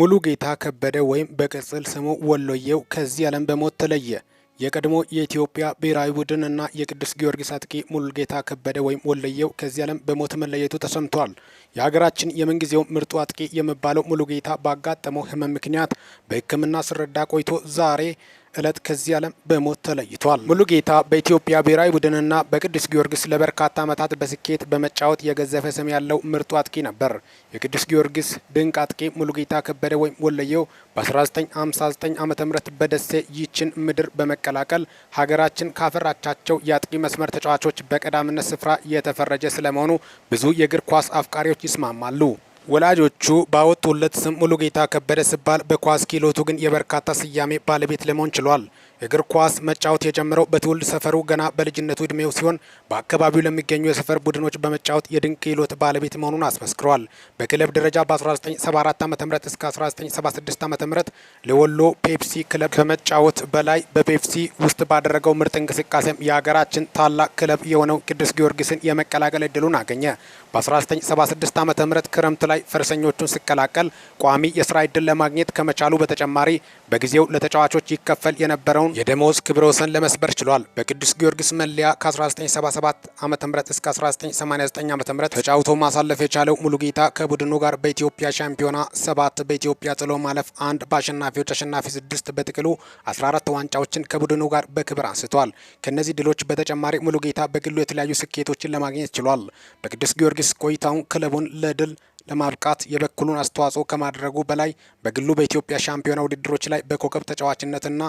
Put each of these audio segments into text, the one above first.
ሙሉ ጌታ ከበደ ወይም በቅጽል ስሙ ወሎየው ከዚህ ዓለም በሞት ተለየ። የቀድሞ የኢትዮጵያ ብሔራዊ ቡድን እና የቅዱስ ጊዮርጊስ አጥቂ ሙሉጌታ ከበደ ወይም ወሎየው ከዚህ ዓለም በሞት መለየቱ ተሰምቷል። የሀገራችን የምንጊዜው ምርጡ አጥቂ የሚባለው ሙሉጌታ ባጋጠመው ሕመም ምክንያት በሕክምና ስረዳ ቆይቶ ዛሬ ዕለት ከዚህ ዓለም በሞት ተለይቷል። ሙሉጌታ በኢትዮጵያ ብሔራዊ ቡድንና በቅዱስ ጊዮርጊስ ለበርካታ ዓመታት በስኬት በመጫወት የገዘፈ ስም ያለው ምርጡ አጥቂ ነበር። የቅዱስ ጊዮርጊስ ድንቅ አጥቂ ሙሉጌታ ከበደ ወይም ወለየው በ1959 ዓ ም በደሴ ይችን ምድር በመቀላቀል ሀገራችን ካፈራቻቸው የአጥቂ መስመር ተጫዋቾች በቀዳምነት ስፍራ የተፈረጀ ስለመሆኑ ብዙ የእግር ኳስ አፍቃሪዎች ይስማማሉ። ወላጆቹ ባወጡለት ስም ሙሉጌታ ከበደ ሲባል በኳስ ኪሎቱ ግን የበርካታ ስያሜ ባለቤት ለመሆን ችሏል። እግር ኳስ መጫወት የጀመረው በትውልድ ሰፈሩ ገና በልጅነቱ እድሜው ሲሆን በአካባቢው ለሚገኙ የሰፈር ቡድኖች በመጫወት የድንቅ ክህሎት ባለቤት መሆኑን አስመስክሯል። በክለብ ደረጃ በ1974 ዓ ም እስከ 1976 ዓ ም ለወሎ ፔፕሲ ክለብ ከመጫወት በላይ በፔፕሲ ውስጥ ባደረገው ምርጥ እንቅስቃሴም የሀገራችን ታላቅ ክለብ የሆነው ቅዱስ ጊዮርጊስን የመቀላቀል እድሉን አገኘ። በ1976 ዓ ም ክረምት ላይ ፈረሰኞቹን ሲቀላቀል ቋሚ የስራ እድል ለማግኘት ከመቻሉ በተጨማሪ በጊዜው ለተጫዋቾች ይከፈል የነበረውን የደሞዝ ክብረ ወሰን ለመስበር ችሏል። በቅዱስ ጊዮርጊስ መለያ ከ1977 ዓ ም እስከ 1989 ዓ ም ተጫውቶ ማሳለፍ የቻለው ሙሉጌታ ከቡድኑ ጋር በኢትዮጵያ ሻምፒዮና ሰባት በኢትዮጵያ ጥሎ ማለፍ አንድ በአሸናፊዎች አሸናፊ ስድስት በጥቅሉ 14 ዋንጫዎችን ከቡድኑ ጋር በክብር አንስቷል። ከእነዚህ ድሎች በተጨማሪ ሙሉጌታ በግሉ የተለያዩ ስኬቶችን ለማግኘት ችሏል። በቅዱስ ጊዮርጊስ ቆይታውን ክለቡን ለድል ለማብቃት የበኩሉን አስተዋጽኦ ከማድረጉ በላይ በግሉ በኢትዮጵያ ሻምፒዮና ውድድሮች ላይ በኮከብ ተጫዋችነትና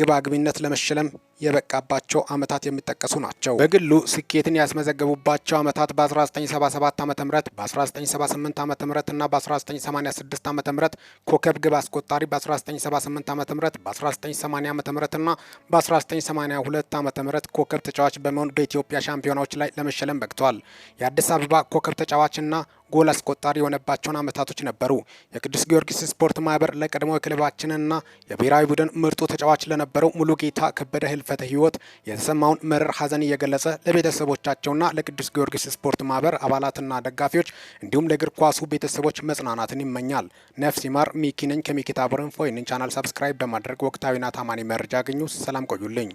ግብ አግቢነት ለመሸለም የበቃባቸው ዓመታት የሚጠቀሱ ናቸው። በግሉ ስኬትን ያስመዘገቡባቸው ዓመታት በ1977 ዓ ም በ1978 ዓ ም እና በ1986 ዓ ም ኮከብ ግብ አስቆጣሪ በ1978 ዓ ም በ1980 ዓ ም እና በ1982 ዓ ም ኮከብ ተጫዋች በመሆን በኢትዮጵያ ሻምፒዮናዎች ላይ ለመሸለም በቅተዋል። የአዲስ አበባ ኮከብ ተጫዋችና ጎል አስቆጣሪ የሆነባቸውን ዓመታቶች ነበሩ። የቅዱስ ጊዮርጊስ ስፖርት ማህበር ለቀድሞ ክለባችንና የብሔራዊ ቡድን ምርጡ ተጫዋች ለነበረው ሙሉ ጌታ ከበደ ህልፈ በህልፈተ ህይወት የተሰማውን መረር ሀዘን እየገለጸ ለቤተሰቦቻቸውና ለቅዱስ ጊዮርጊስ ስፖርት ማህበር አባላትና ደጋፊዎች እንዲሁም ለእግር ኳሱ ቤተሰቦች መጽናናትን ይመኛል። ነፍስ ይማር። ሚኪነኝ ከሚኪታ ይህንን ቻናል ሰብስክራይብ በማድረግ ወቅታዊና ታማኒ መረጃ ያገኙ። ሰላም ቆዩልኝ።